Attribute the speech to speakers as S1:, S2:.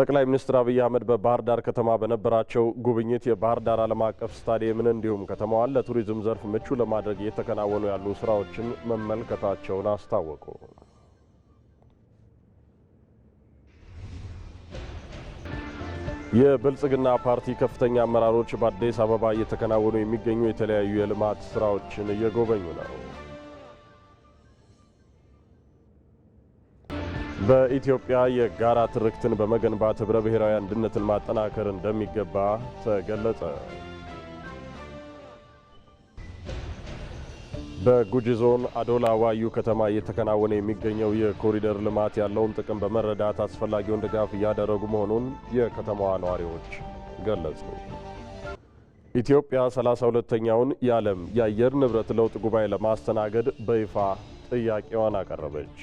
S1: ጠቅላይ ሚኒስትር አብይ አህመድ በባህር ዳር ከተማ በነበራቸው ጉብኝት የባህር ዳር ዓለም አቀፍ ስታዲየምን እንዲሁም ከተማዋን ለቱሪዝም ዘርፍ ምቹ ለማድረግ እየተከናወኑ ያሉ ስራዎችን መመልከታቸውን አስታወቁ። የብልጽግና ፓርቲ ከፍተኛ አመራሮች በአዲስ አበባ እየተከናወኑ የሚገኙ የተለያዩ የልማት ስራዎችን እየጎበኙ ነው። በኢትዮጵያ የጋራ ትርክትን በመገንባት ህብረ ብሔራዊ አንድነትን ማጠናከር እንደሚገባ ተገለጸ። በጉጂ ዞን አዶላ ዋዩ ከተማ እየተከናወነ የሚገኘው የኮሪደር ልማት ያለውን ጥቅም በመረዳት አስፈላጊውን ድጋፍ እያደረጉ መሆኑን የከተማዋ ነዋሪዎች ገለጹ። ኢትዮጵያ 32 ተኛውን የዓለም የአየር ንብረት ለውጥ ጉባኤ ለማስተናገድ በይፋ ጥያቄዋን አቀረበች።